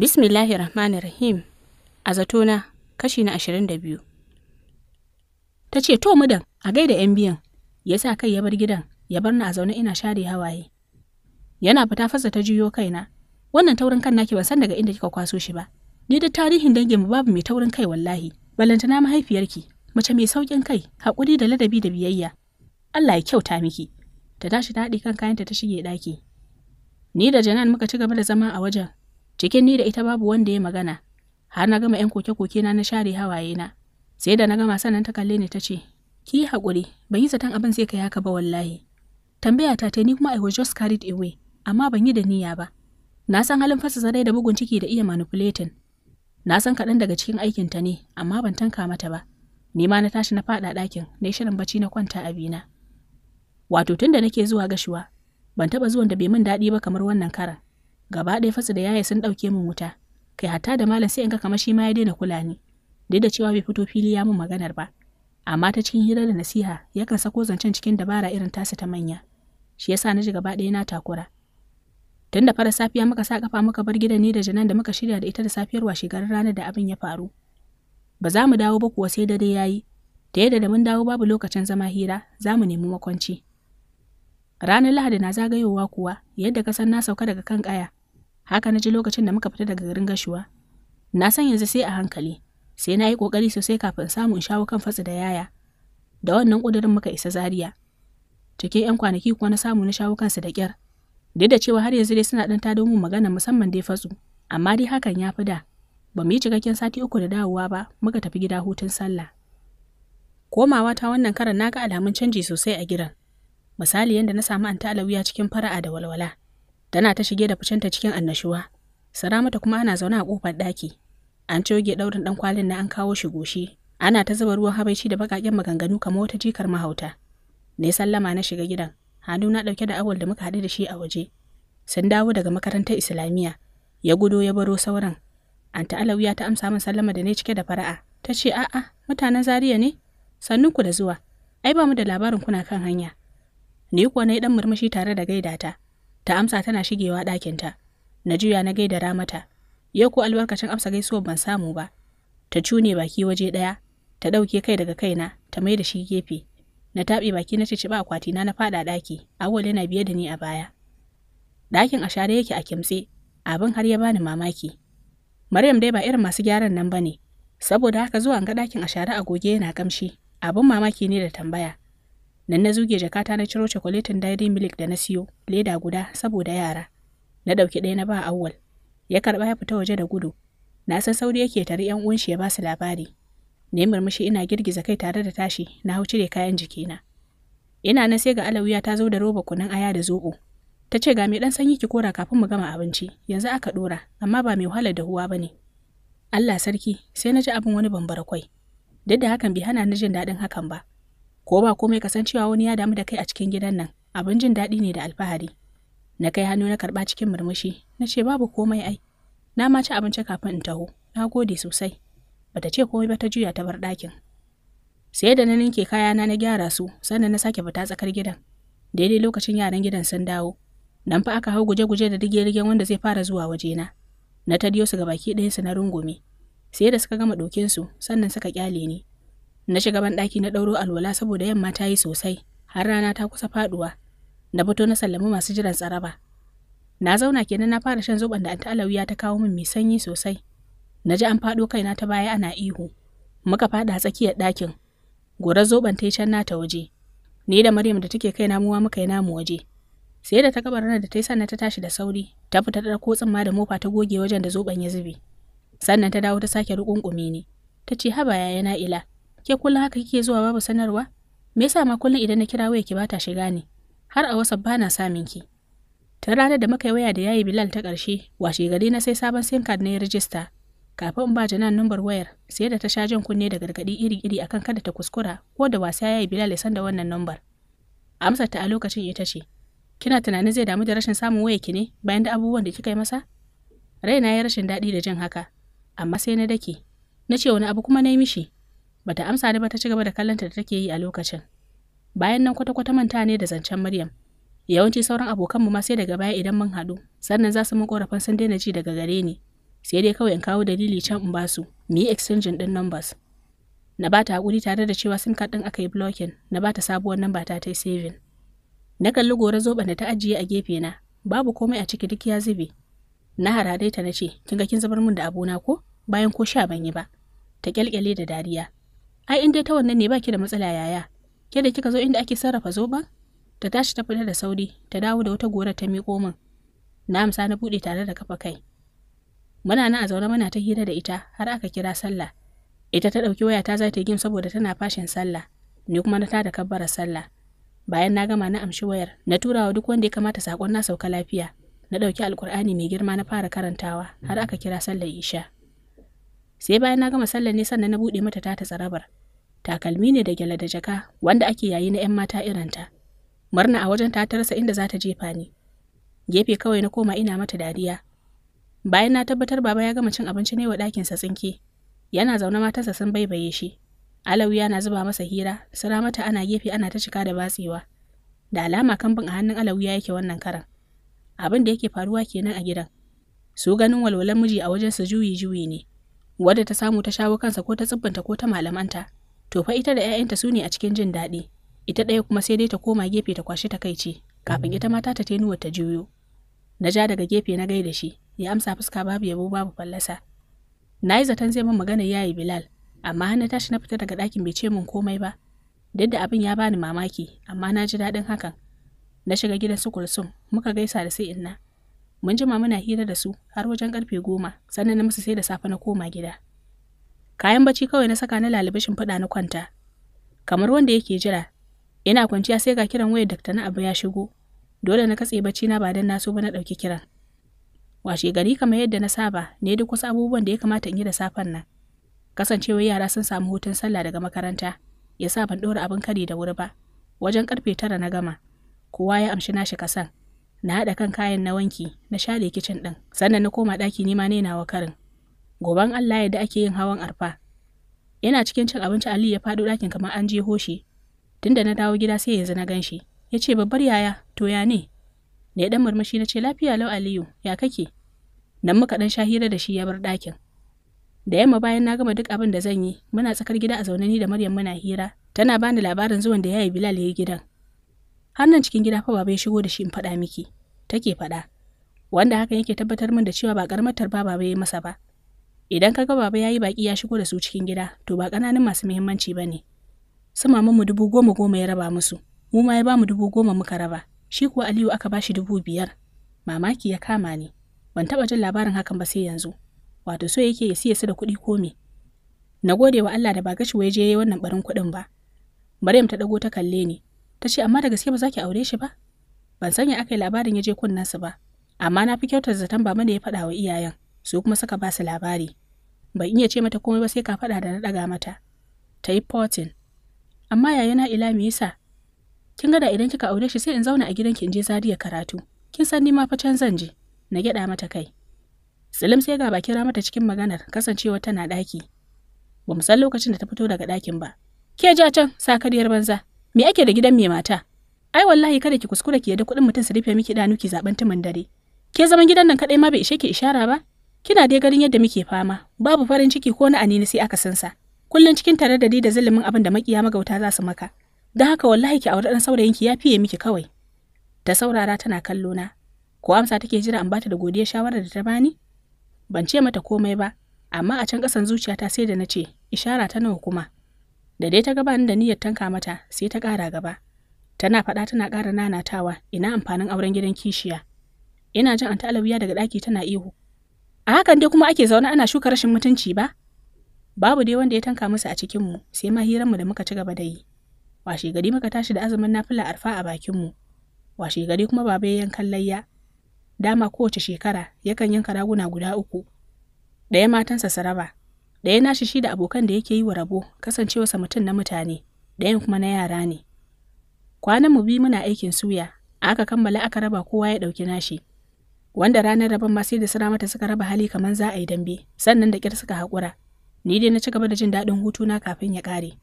Bismillahir Rahmanir Rahim a zatona kashi na ashirin da biyu. Ta ce, To mudan, a gaida ‘yan biyan, ya sa kai ya bar gidan, ya bar ni a zaune ina share hawaye. Yana fita fasa ta juyo kaina, wannan taurin kan naki ban san daga inda kika kwaso shi ba. Ni da tarihin danginmu babu mai taurin kai wallahi, na mahaifiyarki, mace mai saukin kai, haƙuri da ladabi da biyayya. Allah ya kyauta miki. Ta tashi ta haɗi kan kayanta ta shige ɗaki. Ni da Janan muka ci gaba da zama a wajen, cikin ni da ita babu wanda ya magana har na gama 'yan koke-koke na na share hawaye na sai da na gama sanan ta kalle ni ta ce ki yi haƙuri ban yi zaton abin zai kai haka ba wallahi tambaya ta ta ni kuma I was just carried away amma ban yi da niyya ba na san halin fasa zarai da bugun ciki da iya manipulating na san kaɗan daga cikin aikin ta ne amma ban tanka mata ba ni ma na tashi na faɗa ɗakin na yi shirin bacci na kwanta a bina wato tun da nake zuwa gashuwa ban taɓa zuwan da bai min daɗi ba kamar wannan karan gaba ɗaya fasa da yaya sun ɗauke min wuta kai hatta da malam sai in ga kamar shi ma ya daina kula ni duk da cewa bai fito fili ya mun maganar ba amma ta cikin hira da nasiha yakan sako zancen cikin dabara irin tasa ta manya shi yasa na ji gaba ɗaya na takura tun da fara safiya muka sa kafa muka bar gidan ni da janan da muka shirya da ita da safiyar washegarin ranar da abin ya faru ba za mu dawo ba kuwa sai dare yayi da yadda da mun dawo babu lokacin zama hira za mu nemi makwanci ranar lahadi na zagayowa kuwa yadda ka san na sauka daga kan kaya Haka na ji lokacin da muka fita daga garin gashuwa. Na san yanzu sai a hankali, sai na yi ƙoƙari sosai kafin samu in shawo kan fatsi da yaya. Da wannan ƙudurin muka isa Zaria. Cikin 'yan kwanaki kuwa na samu na shawo kansu da kyar Duk da cewa har yanzu dai suna ɗan tado mu magana musamman dai fatsu, amma dai hakan ya fi da. Ba mu yi cikakken sati uku da dawowa ba, muka tafi gida hutun sallah. Komawa ta wannan karan na ga alamun canji sosai a gidan. Misali yadda na samu anta alawiya cikin fara'a da walwala. Tana ta shige da ficinta cikin annashuwa. Sara mata kuma ana zaune a kofar ɗaki. An coge ɗaurin ɗan kwalin na an kawo shi goshi. Ana ta zuba ruwan habaici da baƙaƙen maganganu kamar wata jikar mahauta. Ne sallama na shiga gidan. Hannu na ɗauke da awal da muka haɗu da shi a waje. Sun dawo daga makarantar Islamiyya. Ya gudo ya baro sauran. Anta Alawiya ta amsa min sallama da ne cike da fara'a. Ta ce a'a mutanen Zariya ne? Sannunku da zuwa. Ai ba mu da labarin kuna kan hanya. Ni kuwa na yi ɗan murmushi tare da gaida ta. ta amsa tana shigewa ɗakinta na juya na gaida mata. yau ko albarkacin amsa gaisuwar ban samu ba ta cune baki waje ɗaya ta ɗauke kai daga kaina ta mai da shi gefe na taɓe baki na ciciɓa akwatina na faɗa ɗaki awwal yana biye da ni a baya ɗakin a share yake a kimtse abin har ya bani mamaki maryam dai ba irin masu gyaran nan ba ne. saboda haka zuwa ga ɗakin a share a goge yana kamshi abin mamaki ne da tambaya Nan na zuge jakata na ciro cakwaletin dairy milk da na siyo, leda guda saboda yara. Na ɗauki ɗaya na ba awwal. Ya karɓa ya fita waje da gudu. Na san sauri yake tare ‘yan uwanshi ya ba su labari. ne murmushi ina girgiza kai tare da tashi na hau cire kayan jikina. Ina nan sai ga alawiya ta zo da roba kunun aya da zoɓo. Ta ce ga mai ɗan sanyi ki kora kafin mu gama abinci, yanzu aka ɗora, amma ba mai wahalar da dahuwa ba ne. Allah sarki, sai na ji abin wani bambara kwai. Duk da hakan bai hana ni jin daɗin hakan ba. ko ba komai ka san cewa wani ya damu da kai a cikin gidan nan abin jin daɗi ne da alfahari na kai hannu na karɓa cikin murmushi na ce babu komai ai na ma ci abinci kafin in taho na gode sosai bata ce komai ba ta juya ta bar ɗakin sai da na ninke kayana na gyara su sannan na sake fita tsakar gidan daidai lokacin yaran gidan sun dawo nan fa aka hau guje-guje da rige-rigen wanda zai fara zuwa wajena na tadiyo su ga baki su na rungume sai da suka gama ɗokinsu sannan suka kyale ni Na shiga ban ɗaki na ɗauro alwala saboda yamma ta yi sosai, har rana ta kusa faɗuwa. Na fito na sallami masu jiran tsaraba. Na zauna kenan na fara shan zoben da Anta Alawiya ta kawo min mai sanyi sosai. Na ji an faɗo kaina ta baya ana ihu. Muka faɗa tsakiyar ɗakin. Gorar zoben ta yi can nata waje. Ni da Maryam da take kai muwa muka yi namu waje. Sai da ta kabar da ta yi sannan ta tashi da sauri, ta fita ta ko tsimma da mofa ta goge wajen da zoben ya zube. Sannan ta dawo ta sake rukunkumi ni. Ta ce haba yaya na ila, Ke kula haka kike zuwa babu sanarwa? Me yasa ma kullum idan na kira waya ki bata shiga ne? Har a WhatsApp bana samin ki. Ta ranar da muka yi waya da yayi Bilal ta ƙarshe, washe gari na sai sabon SIM card na ya rijista. Kafin in ba Janan numbar wayar, sai da ta sha jan kunne da gargaɗi iri-iri akan kada ta kuskura ko da wasa yayi Bilal ya san da wannan numbar. Amsar ta a lokacin ita ce, Kina tunanin zai damu da rashin samun waya ki ne bayan da abubuwan da kika yi masa? Raina ya rashin daɗi da jin haka, amma sai na dake. Na ce wani abu kuma na yi mishi, Bata amsa ni ba ta ci gaba da kallonta da take yi a lokacin. Bayan nan kwata-kwata manta ne da zancen Maryam. Yawanci sauran abokan mu ma sai daga baya idan mun haɗu, sannan za su mun korafin sun daina ji daga gare ni. Sai dai kawai in kawo dalili can in ba su, mu yi exchanging ɗin numbers. Na ba ta haƙuri tare da cewa sim card ɗin aka yi blocking, na ba ta sabuwar namba ta ta saving. Na kalli gora zoben da ta ajiye a gefe na, babu komai a ciki duk ya zube. Na harare ta na ce, kin ga kin zubar min da abuna ko? Bayan ko sha ban yi ba. Ta kyalkyale da dariya. ai in dai ta wannan ne baki da matsala yaya ke da kika zo inda ake sarrafa zoban ta tashi ta fita da sauri ta dawo da wata gora ta miƙo min na amsa na buɗe tare da kafa kai muna nan a zaune muna ta hira da ita har aka kira sallah ita ta ɗauki waya ta zata ta gim saboda tana fashin sallah ni kuma na tada kabbara sallah bayan na gama na amshi wayar na tura wa duk wanda ya kamata sakon na sauka lafiya na ɗauki alkur'ani mai girma na fara karantawa har aka kira sallar isha sai bayan na gama sallar ne sannan na buɗe mata ta tsarabar takalmi ne da gyale da jaka wanda ake yayi na 'yan mata ta. murna a wajen ta tarsa inda za ta jefa ni gefe kawai na koma ina mata dariya bayan na tabbatar baba ya gama cin abinci ne wa ɗakinsa tsinke yana zaune matarsa sun baibaye shi alawi yana zuba masa hira sira mata ana gefe ana ta cika da batsewa da alama kambin a hannun ya yake wannan karan abin da yake faruwa kenan a gidan su ganin walwalan miji a wajen su juyi juyi ne wadda ta samu ta shawo kansa ko ta tsibbinta ko ta malamanta to fa ita da 'ya'yanta su ne a cikin jin daɗi ita ɗaya kuma sai dai ta koma gefe ta kwashi ce kafin ita mata ta tenuwa ta juyo na ja daga gefe na gaida shi ya amsa fuska babu yabo babu fallasa na yi zaton zai min magana yayi bilal amma hana tashi na fita daga ɗakin bai ce min komai ba duk da abin ya bani mamaki amma na ji daɗin hakan na shiga gidan su muka gaisa da sai inna mun jima muna hira da su har wajen karfe goma sannan na musu sai da safe na koma gida kayan bacci kawai na saka na lalibi shimfiɗa na kwanta kamar wanda yake jira ina kwanciya sai ga kiran wayar dakta na abu ya shigo dole na katse bacci na ba dan na so ba na ɗauki kiran washe gari kamar yadda na saba ne duk wasu abubuwan da ya kamata in yi da safen nan kasancewar yara sun samu hutun sallah daga makaranta ya sa ban ɗora abin kari da wuri ba wajen karfe tara na gama kowa ya amshi nashi kasan na haɗa kan kayan na wanki na share kicin ɗin sannan na koma ɗaki nima ne wa karin goban Allah yadda ake yin hawan arfa yana cikin cin abinci Ali ya faɗo ɗakin kamar an je hoshi tunda na dawo gida sai yanzu na gan shi ya ce babbar yaya to ya ne ne dan murmushi na ce lafiya lau Aliyu ya kake nan muka ɗan sha hira da shi ya bar ɗakin da yamma bayan na gama duk abin da zan yi muna tsakar gida a zaune ni da Maryam muna hira tana bani labarin zuwan da yayi Bilal yayi gidan Hannun cikin gida fa baba ya shigo da shi in faɗa miki, take faɗa. Wanda hakan yake tabbatar min da cewa ba karmatar ba baba ya masa ba. Idan kaga baba ya yi baƙi ya shigo da su cikin gida, to ba ƙananan masu muhimmanci ba ne. Su maman mu dubu goma goma ya raba musu, mu ma ya ba mu dubu goma muka raba, shi kuwa Aliyu aka ba shi dubu biyar. Mamaki ya kama ni, ban taɓa jin labarin hakan ba sai yanzu. Wato so yake ya siya su da kuɗi ko me. Na gode wa Allah da ba gashi waje ya yi wannan barin kuɗin ba. Maryam ta ɗago ta kalle ni, ta ce amma da gaske ba za ki aure shi ba ban sanya aka yi labarin ya je su ba amma na fi kyautar zaton ba ne ya faɗa wa iyayen su kuma suka ba su labari ban iya ce mata komai ba sai ka faɗa da na ɗaga mata ta yi potin amma na ila me yasa kin ga da idan kika aure shi sai in zauna a gidanki in je zariya karatu kin san ni ma fa can zan je na gyada mata kai Salim sai ga ba kira mata cikin maganar kasancewa tana ɗaki. Ba mu san lokacin da ta fito daga ɗakin ba. Ke ja can sakariyar banza. me ake da gidan mai mata ai wallahi kada ki kuskura ki yadda kuɗin mutum su rufe miki danu ki zaben tumin dare ke zaman gidan nan kaɗai ma bai ishe ki ishara ba kina dai garin yadda muke fama babu farin ciki ko na anini sai aka san sa kullum cikin tare da da zulumin abin da makiya magauta za su maka don haka wallahi ki auri dan saurayin ki ya fiye miki kawai ta saurara tana kallo na ko amsa take jira an bata da godiya shawarar da ta bani ban ce mata komai ba amma a can kasan zuciyata sai da na ce ishara ta nawa kuma da dai ta gabani da niyyar tanka mata sai ta ƙara gaba tana faɗa tana ƙara nanatawa ina amfanin auren gidan kishiya ina jin anta alawiya daga ɗaki tana ihu a hakan dai kuma ake zaune ana shuka rashin mutunci ba babu dai wanda ya tanka musu a cikin mu sai ma hiranmu da muka ci gaba da yi washe gari muka tashi da azumin nafila arfa a mu washe gari kuma baba ya yankan layya dama kowace shekara yakan yanka raguna guda uku ɗaya matansa saraba ɗaya na shi da abokan da yake yi wa rabo kasancewarsa mutum na mutane ɗayan kuma na yara ne kwanan mu bi muna aikin suya aka kammala aka raba kowa ya ɗauki nashi wanda ranar rabon ma sai da sira mata suka raba hali kaman za a yi dambe sannan da ƙyar suka haƙura ni dai na ci gaba da jin daɗin hutuna kafin ya ƙare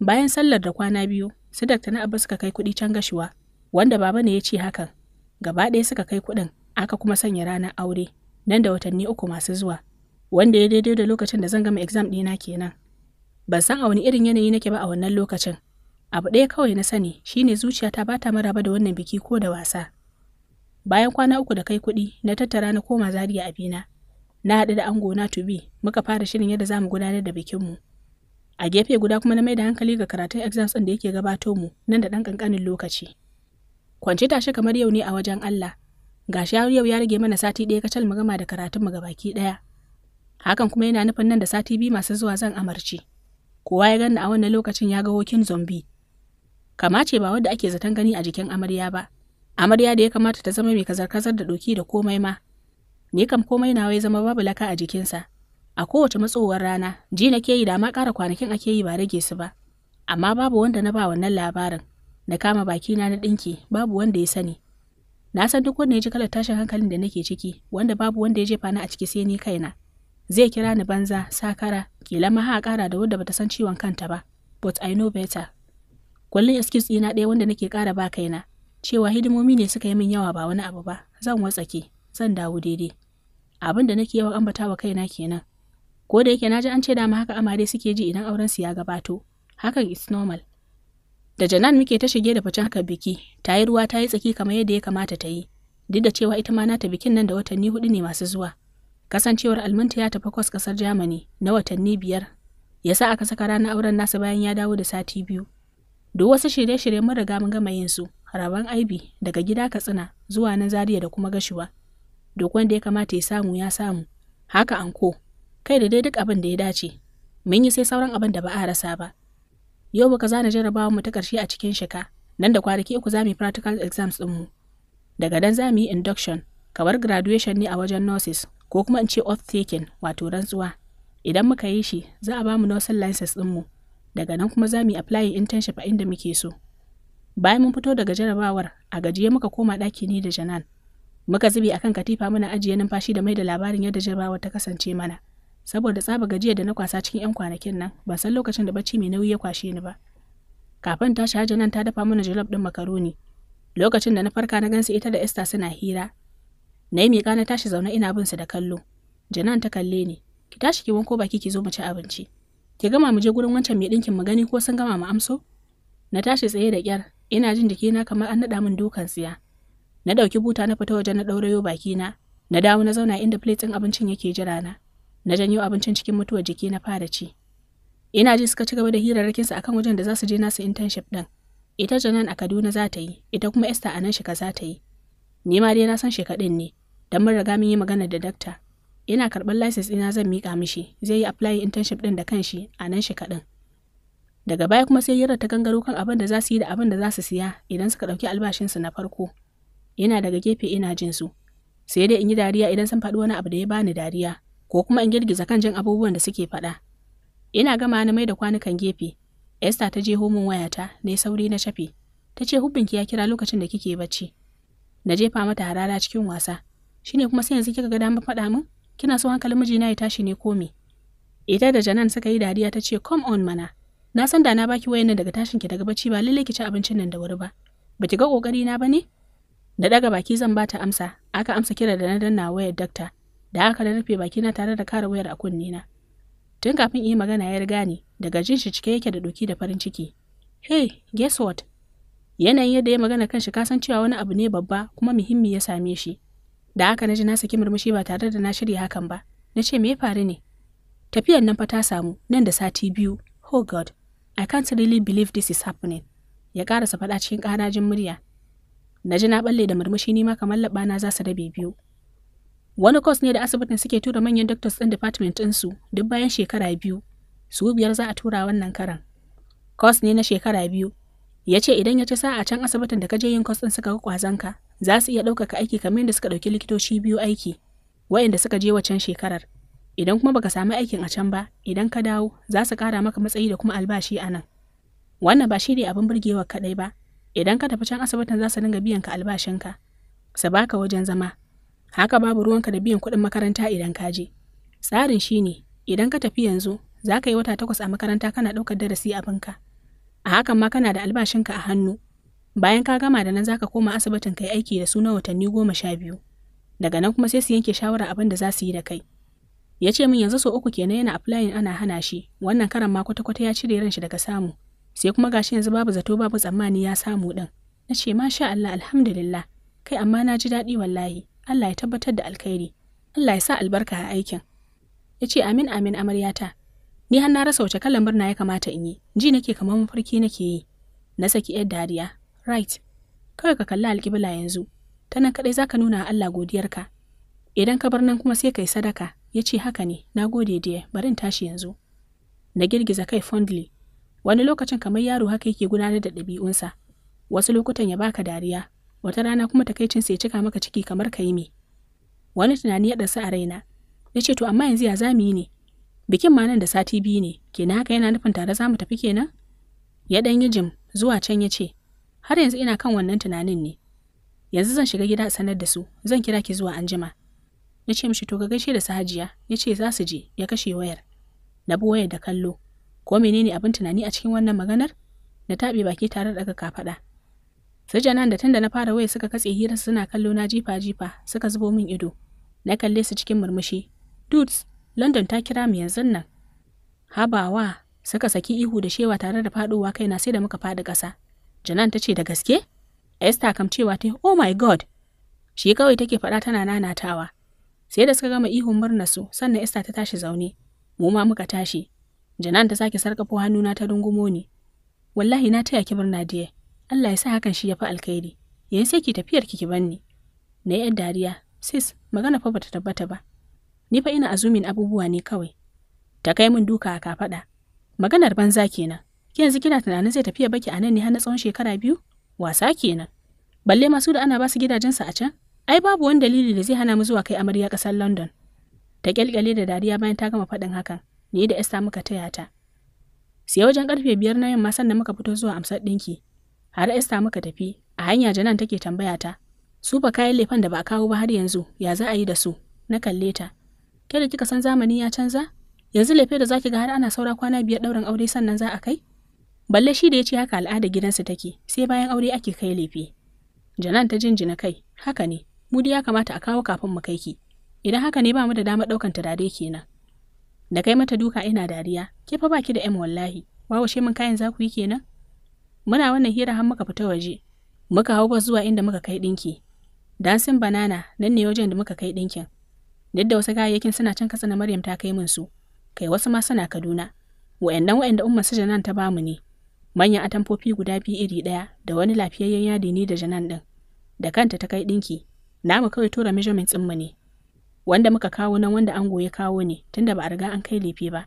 bayan sallar da kwana biyu su dakta na abu suka kai kuɗi can gashuwa wanda baba ne ya ce hakan gaba ɗaya suka kai kuɗin aka kuma sanya ranar aure nan da watanni uku masu zuwa wanda ya daidai da lokacin da zan gama exam ɗina kenan. Ban san a wani irin yanayi nake ba a wannan lokacin. Abu ɗaya kawai na sani shine zuciyata ba ta maraba da wannan biki ko da wasa. Bayan kwana uku da kai kuɗi, na tattara na koma Zaria bina. Na haɗu da ango na Tubi, muka fara shirin yadda za mu gudanar da bikinmu. A gefe guda kuma na mai da hankali ga karatun exams ɗin da yake gabato mu nan da ɗan ƙanƙanin lokaci. Kwance tashi kamar yau ne a wajen Allah. Gashi yau ya rage mana sati ɗaya kacal mu gama da karatunmu gabaki ɗaya. hakan kuma yana nufin nan da sati biyu masu zuwa zan amarci kowa ya ganni a wannan lokacin ya ga wokin zombi kamace ba wadda ake zaton gani a jikin amarya ba amarya da ya kamata ta zama mai kazar-kazar da doki da komai ma ni kam komai nawa ya zama babu laka a jikinsa a kowace matsowar rana ji na ke yi da ma ƙara kwanakin ake yi ba rage su ba amma babu wanda na ba wannan labarin na kama bakina na ɗinki babu wanda ya sani na san duk wanda ya ji kalar tashin hankalin da nake ciki wanda babu wanda ya jefa ni a ciki sai ni kaina zai kira ni banza sakara kila ma ha kara da wanda bata san ciwon kanta ba but i know better kullun excuse ɗina ɗaya wanda nake kara ba kaina cewa hidimomi ne suka yi min yawa ba wani abu ba zan watsake zan dawo daidai abin da nake yawan ambata wa kaina kenan ko da yake naji an ce dama haka amare suke ji idan auren su ya gabato hakan is normal da janan muke ta shige da facen haka biki ta yi ruwa ta yi tsaki kamar yadda ya kamata ta yi duk da cewa ita ma nata bikin nan da watanni hudu ne masu zuwa Kasancewar alminta ya tafi kwas kasar Germany na watanni biyar, ya sa aka saka ranar auren nasa bayan ya dawo da sati biyu. Duk wasu shirye-shirye mun riga mun gama yin su, haraban aibi daga gida Katsina zuwa nan Zaria da kuma Gashuwa. Duk wanda ya kamata ya samu ya samu, haka anko, kai da dai duk abin da ya dace. Mun yi sai sauran abin da ba a rasa ba. Yau baka zana jarabawa mu ta ƙarshe a cikin shika, nan da kwanaki uku za mu yi practical exams ɗinmu. Daga dan za mu yi induction, kamar graduation ne a wajen nurses ko kuma in ce off taking wato rantsuwa idan muka yi shi za a bamu nosin license mu. daga nan kuma za mu yi applying internship a inda muke so bayan mun fito daga jarabawar a gajiye muka koma ɗaki ne da janan muka zubi akan katifa muna ajiye numfashi da mai da labarin yadda jarabawar ta kasance mana saboda tsaba gajiya da na kwasa cikin 'yan kwanakin nan ban san lokacin da bacci mai nauyi ya kwashe ni ba kafin tashi hajji nan ta dafa mana jalof din makaroni lokacin da na farka na gansu ita da esther suna hira Na yi miƙa na tashi zaune ina bin su da kallo. Janan ta kalle ni. Ki tashi ki wanko baki ki zo mu ci abinci. Ki gama mu je gurin wancan mai ɗinkin mu gani ko sun gama mu amso? Na tashi tsaye da kyar. Ina jin jikina kamar an naɗa min dukan tsiya. Na ɗauki buta na fita waje na ɗaurayo bakina. Na dawo na zauna inda plate ɗin abincin yake jira na. Na janyo abincin cikin mutuwar jiki na fara ci. Ina ji suka ci gaba da hirarrakinsu akan wajen da za su je nasu internship ɗin. Ita Janan a Kaduna za ta yi, ita kuma Esther a nan shika za ta yi. Ni ma dai na san shekaɗin ne, don mun riga mun yi magana da dakta yana karɓar license ɗina zan miƙa mishi zai yi apply internship ɗin da kanshi a nan shi kaɗan daga baya kuma sai yarda ta gangaro kan abin da za su yi da abin da za su siya idan suka ɗauki albashinsu na farko Ina daga gefe ina jin su sai dai in yi dariya idan sun faɗi wani abu da ya bani dariya ko kuma in girgiza kan jin abubuwan da suke faɗa ina gama na mai da kwanukan gefe esther ta je homin wayata na sauri na shafe ta ce hubbinki ya kira lokacin da kike bacci na jefa mata harara cikin wasa shine kuma sai yanzu kika ga damar faɗa min kina so hankalin mijina ya tashi ne ko me ita da janan suka yi dariya ta ce come on mana na san da na baki wayan nan daga tashin ki daga bacci ba lalle ki ci abincin nan da wuri ba baki ga kokari na bane da daga baki zan bata amsa aka amsa kira da na danna wayar dakta da aka rufe baki na tare da kara wayar a kunne na tun kafin yi magana ya riga ni daga jin shi cike yake da doki da farin ciki hey guess what yanayin yadda ya magana kan shi kasan cewa wani abu ne babba kuma muhimmi ya same shi da haka na ji na saki murmushi ba tare da na shirya hakan ba na ce me ya faru ne tafiyan nan fa ta samu nan da sati biyu oh god i can't really believe this is happening ya karasa faɗa cikin ƙarajin murya na ji na balle da murmushi ni ma kamar labana za su rabe biyu wani kwas ne da asibitin suke tura manyan doctors ɗin department ɗinsu duk bayan shekara biyu su biyar za a tura wannan karan kwas ne na shekara biyu ya ce idan ya ci sa'a can asibitin da ka je yin kwas suka ga ka za su iya ɗaukaka aiki kamar yadda suka ɗauki likitoci biyu aiki waɗanda suka je waccan shekarar idan kuma baka samu aikin a can ba idan ka dawo za su ƙara maka matsayi da kuma albashi a nan wannan ba shi ne abin burgewa kaɗai ba idan ka tafi can asibitin za su dinga biyan ka albashin ka su baka wajen zama haka babu ruwanka da biyan kuɗin makaranta idan ka je tsarin shi ne idan ka tafi yanzu za ka yi wata takwas a makaranta kana ɗaukar darasi abinka a hakan ma kana da albashinka a hannu bayan ka gama da nan zaka koma asibitin kai aiki da suna watanni goma sha biyu daga nan kuma sai su yanke shawara abin da za su yi da kai ya ce min yanzu so uku kenan yana applying ana hana shi wannan karan ma kwata-kwata ya cire ran shi daga samu sai kuma gashi yanzu babu zato babu tsammani ya samu din na ce ma sha Allah alhamdulillah kai amma na ji daɗi wallahi Allah ya tabbatar da alkhairi Allah ya sa albarka a aikin ya ce amin amin amaryata Ni har na rasa wace kalan murna ya kamata in yi, ji nake kamar mafarki nake yi. Na saki ‘yar dariya, right, kawai ka kalli alƙibla yanzu, ta nan kaɗai za ka nuna Allah godiyarka. Idan ka bar nan kuma sai ka yi sadaka, ya ce haka ne, na gode diya, bari in tashi yanzu. Na girgiza kai fondly, wani lokacin kamar yaro haka yake gudanar da ɗabi'unsa, wasu lokutan ya baka dariya, wata rana kuma takaicinsa ya cika maka ciki kamar ka yi me. Wani tunani ya ɗansa a raina, ya ce to amma yanzu ya za yi ne, bikin ma nan da sati biyu ne kenan haka yana nufin tare za mu tafi kenan ya dan yi jim zuwa can ya ce har yanzu ina kan wannan tunanin ne yanzu zan shiga gida a sanar da su zan kira ki zuwa anjima na ce mishi to ga gaishe da sahajiya ya ce za su je ya kashe wayar na bi wayar da kallo ko menene abin tunani a cikin wannan maganar na taɓe baki tare da ka su janan da tunda na fara waya suka katse hirar suna kallo na jifa-jifa suka zubo min ido. Na kalle su cikin murmushi. Dudes, London ta kira mu yanzun nan. Habawa suka saki ihu da shewa tare da faɗowa na sai da muka faɗi ƙasa. Janan ta ce da gaske? Esther kam cewa ta oh my god. Shi kawai take faɗa tana nanatawa. Sai da suka gama ihun murna su sannan Esther ta tashi zaune. Mu ma muka tashi. Janan ta sake sarƙafo hannuna ta dungumo ni. Wallahi na taya ki murna diye. Allah ya sa hakan shi ya fi alkhairi. Yanzu sai ki tafiyar ki ki banni. Na yi dariya. Sis, magana fa bata tabbata ba. Ni fa ina azumin abubuwa ne kawai. Ta kai mun duka a kafaɗa. Maganar banza kenan. Ki yanzu kina tunanin zai tafiya baki a nan ne har na tsawon shekara biyu? Wasa kenan. Balle masu da ana basu gidajensu a can? Ai babu wani dalili da zai hana mu zuwa kai amarya ƙasar London. Ta kyalkyale da dariya bayan ta gama faɗin hakan. Ni da Esther muka taya ta. Sai wajen karfe biyar na yamma sannan muka fito zuwa amsar ɗinki. Har Esther muka tafi. A hanya Janan take tambaya ta. Su ba kayan lefan da ba a kawo ba har yanzu, ya za a yi da su? Na kalle ta. ke da kika san zamani ya canza yanzu lefe da zaki ga har ana saura kwana biyar ɗaurin aure sannan za a kai balle shi da ya ce haka al'ada gidansu take sai bayan aure ake kai lefe janan ta jinjina kai haka ne mu ya kamata a kawo kafin mu kai ki idan haka ne ba mu da dama ɗaukan turare kenan da kai mata duka ina dariya ke fa baki da yan wallahi she mun kayan za ku yi kenan muna wannan hira har muka fita waje muka hau zuwa inda muka kai ɗinki dansin banana nan ne wajen da muka kai ɗinkin duk da wasu kayayyakin suna can katsina Maryam ta kai min su kai wasu ma suna Kaduna wayannan wayanda umma su Janan ta bamu ne manyan atamfofi guda biyu iri daya da wani lafiyayyen yadi ne da Janan ɗin. da kanta ta kai dinki namu kawai tura measurement din mu ne wanda muka kawo nan wanda ango ya kawo ne tunda ba a riga an kai lefe ba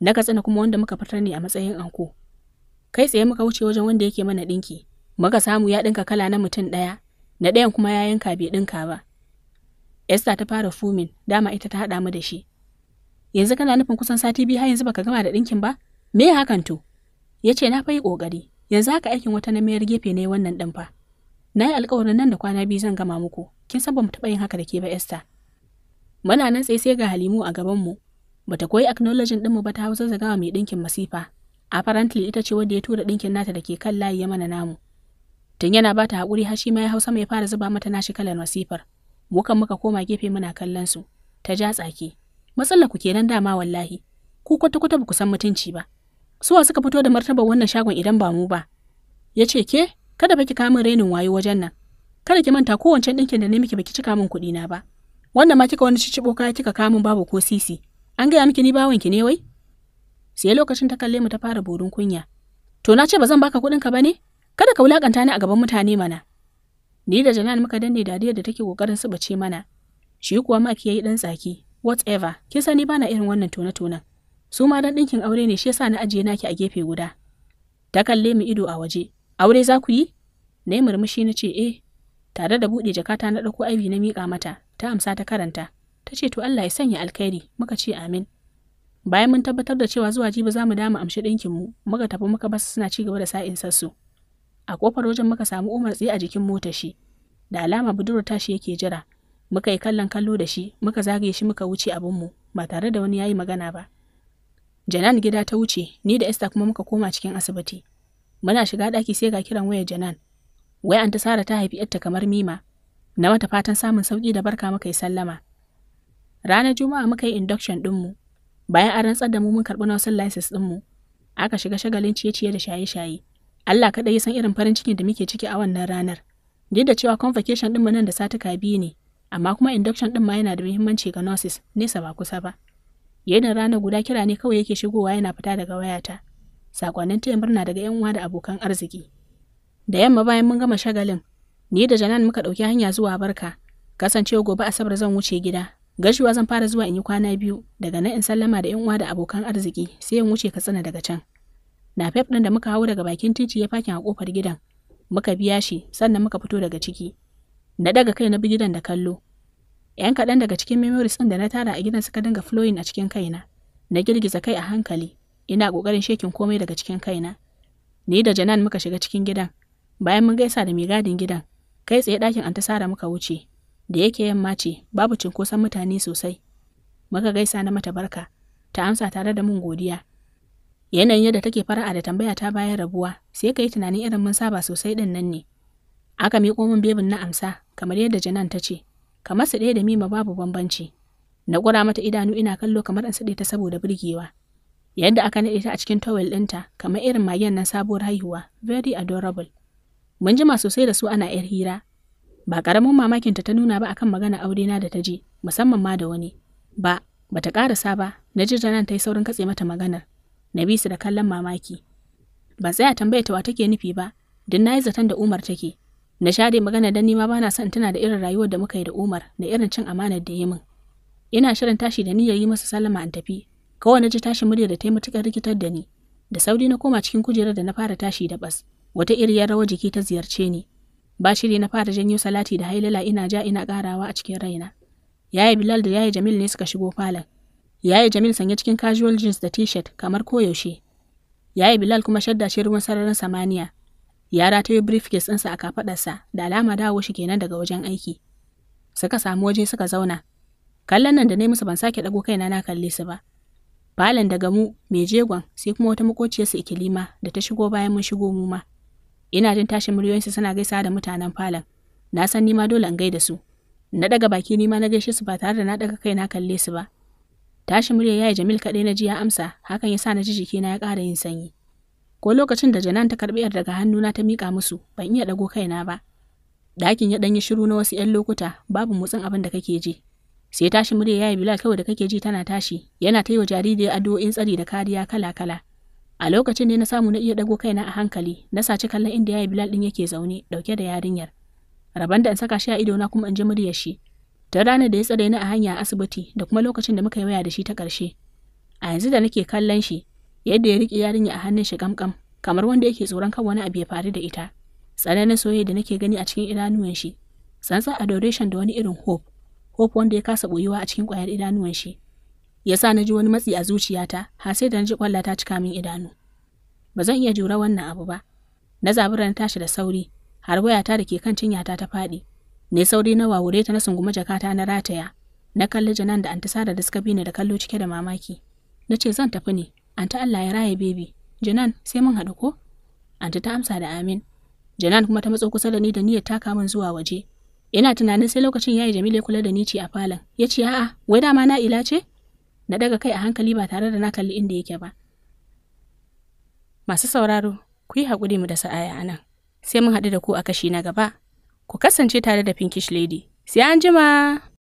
na katsina kuma wanda muka fitar ne a matsayin anko kai tsaye muka wuce wajen wanda yake mana ɗinki. muka samu ya ɗinka kala na mutum ɗaya, na ɗayan kuma ya yanka bai ɗinka ba Esther ta fara fumin, dama ita ta haɗa mu da shi. Yanzu kana nufin kusan sati biyu har yanzu baka gama da ɗinkin ba? Me hakan to? yace na fa yi ƙoƙari, yanzu haka aikin wata na gefe ne wannan ɗin fa. Na yi alƙawarin nan da kwana biyu zan gama muku, kin san ba mu taɓa yin haka da ke ba Esther. Muna nan tsaye sai ga Halimu a gaban mu. bata koyi acknowledging ɗinmu ba ta hausa zagawa mai ɗinkin masifa. Apparently ita ce wanda ya tura ɗinkin nata da ke kan layi ya mana namu. Tun yana ba ta haƙuri har shi ma ya hausa mai fara zuba mata nashi kalar masifar. mukan muka koma gefe muna kallon su ta ja tsaki matsalar ku kenan dama wallahi ku kwata kwata ba ku san mutunci ba suwa suka fito da martaba wannan shagon idan ba mu ba ya ce ke kada baki kamun rainin wayo wajen nan kada ki manta wancan ɗinkin da ne miki baki cika min kuɗi na ba wannan ma kika wani cicibo kaya kika kamun babu ko sisi an gaya miki ni bawon ki ne wai sai lokacin ta kalle mu ta fara borin kunya to na ce ba zan baka kuɗin ka bane kada ka wulakanta ni a gaban mutane mana Ni da Janan muka danne dariyar da take kokarin subace mana. Shi kuwa Mark yayi dan tsaki. Whatever, kin sani bana irin wannan tona-tonan. Su ma dan dinkin aure ne shi yasa na ajiye naki a gefe guda. Ta kalle mu ido a waje. Aure za ku yi? Na yi murmushi na ce eh. Tare da buɗe jakata na ɗauko aibi na miƙa mata, ta amsa ta karanta. Ta ce to Allah ya sanya alkhairi, muka ce amin. Bayan mun tabbatar da cewa zuwa jibi za mu dama amshi ɗinkinmu, muka tafi muka basu suna ci gaba da sa'in sassu. a kofar wajen muka samu umar tsaye a jikin mota shi da alama budurwar tashi yake jira muka yi kallon kallo da shi muka zagaye shi muka wuce abinmu ba tare da wani ya yi magana ba janan gida ta wuce ni da esther kuma muka koma cikin asibiti muna shiga ɗaki sai ga kiran waya janan wai an ta sara ta haifi yarta kamar mima na mata fatan samun sauki da barka muka yi sallama ranar juma'a muka yi induction ɗinmu bayan an rantsar da mu mun karɓi nosin license ɗinmu aka shiga shagalin ciye-ciye da shaye-shaye Allah kaɗai ya san irin farin cikin da muke ciki a wannan ranar. Duk da cewa convocation ɗinmu nan da satuka biyu ne, amma kuma induction ɗin ma yana da muhimmanci ga nurses nesa ba kusa ba. Yadin ranar guda kira ne kawai yake shigowa yana fita daga wayata. Sakonnin taya murna daga 'yan uwa da abokan arziki. Da yamma bayan mun gama shagalin, ni da Janan muka ɗauki hanya zuwa barka. Kasancewa gobe Asabar zan wuce gida. Gashuwa zan fara zuwa in yi kwana biyu, daga nan in sallama da 'yan uwa da abokan arziki sai in wuce ka Katsina daga can. na fef ɗin da muka hau daga bakin titi ya fakin a kofar gidan muka biya shi sannan muka fito daga ciki na daga kai na bi gidan da kallo yan kaɗan daga cikin memories ɗin da na tara a gidan suka dinga flowing a cikin kaina na girgiza kai a hankali ina ƙoƙarin shekin komai daga cikin kaina ni da janan muka shiga cikin gidan bayan mun gaisa da mai gadin gidan kai tsaye ɗakin antasara sara muka wuce da yake yamma ce babu cinkoson mutane sosai muka gaisa na mata barka ta amsa tare da mun godiya Yanayin yadda take fara'a da tambaya ta bayan rabuwa, sai ka yi tunanin irin mun saba sosai ɗin nan ne. Aka miƙo min bebin na amsa, kamar yadda Janan ta ce, kamar su ɗaya da mima babu bambanci. Na ƙura mata idanu ina kallo kamar in ta saboda burgewa. Yadda aka naɗe ta a cikin towel ɗinta, kamar irin magen nan sabuwar haihuwa, very adorable. Mun jima sosai da su ana 'yar hira. Ba ƙaramin mamakinta ta nuna ba akan magana aure na da ta je, musamman ma da wani. Ba, bata ƙarasa ba, na ji Janan ta yi saurin katse mata maganar. na bi su da kallon mamaki. ban tsaya tambaya ta wa take nufi ba, don na yi zaton da Umar take. Na dai magana dan nima ba na son tana da irin rayuwar da muka yi da Umar na irin cin amanar da ya min. Ina shirin tashi da niyyar yi masa sallama an tafi, kawai na ji tashin murya da ta yi matuƙar rikitar da ni. Da sauri na koma cikin kujerar da na fara tashi da bas, wata iri iriyar rawar jiki ta ziyarce ni. Ba shiri na fara janyo salati da hailala ina ja ina karawa a cikin raina. Yaya Bilal da yaya Jamil ne suka shigo falon. yaya Jamil sanye cikin casual jeans da t-shirt kamar koyaushe. yaya Bilal kuma shadda shi ruwan sararin samaniya. Ya ratayo briefcase ɗinsa a kafaɗarsa da alama dawo shi kenan daga wajen aiki. Suka samu waje suka zauna. Kallon nan da na musu ban sake ɗago kaina na kalle su ba. Falon daga mu mai jegon sai kuma wata su ikilima da ta shigo bayan mun shigo mu ma. Ina jin tashin muryoyinsu suna gaisa da mutanen falon. Na san nima dole in gaida su. Na daga baki nima na gaishe su ba tare da na daga kaina kalle su ba. Tashi murya ya yi Jamil kaɗai na ji ya amsa, hakan ya sa na ji jikina ya ƙara yin sanyi. Ko lokacin da Janan ta karɓi yar daga hannuna ta miƙa musu, ban iya ɗago kaina ba. Ɗakin ya ɗanyi shiru na wasu ‘yan lokuta, babu motsin abin da kake ji. Sai tashi murya ya yi Bilal kawai da kake ji tana tashi, yana ta yi wa jaririyar addu'o'in tsari da kariya kala-kala. A lokacin ne na samu na iya ɗago kaina a hankali, na saci kallon inda ya yi Bilal ɗin yake zaune, ɗauke da yarinyar. Rabon da in saka shi a ido na kuma in ji muryar shi, ta ranar da ya tsare ni a hanya asibiti da kuma lokacin da muka yi waya da shi ta ƙarshe a yanzu da nake kallon shi yadda ya riƙe yarinya a hannun shi kamkam kamar wanda yake tsoron kan wani abu ya faru da ita tsananin soyayya da nake gani a cikin idanuwan shi santsa adoration da wani irin hope hope wanda ya kasa boyuwa a cikin ƙwayar idanuwan shi ya sa na ji wani matsi a zuciyata har sai da na ji kwalla ta cika min idanu ba zan iya jura wannan abu ba na zabi ran tashi da sauri har wayata da ke kan cinyata ta faɗi ne sauri na wawure ta na sunguma jakata na rataya na kalli janan da anta sada da suka bi ni da kallo cike da mamaki na ce zan tafi ne anta Allah ya raye bebi janan sai mun haɗu ko anta ta amsa da amin janan kuma ta matso kusa da ni da niyyar taka min zuwa waje ina tunanin sai lokacin yayi jamile kula da ni ce a falon ya ce a'a wai dama na ila ce na daga kai a hankali ba tare da na kalli inda yake ba masu sauraro ku yi haƙuri mu da sa'aya anan sai mun haɗu da ku a kashi na gaba Ku kasance tare da Pinkish Lady. Sai an jima!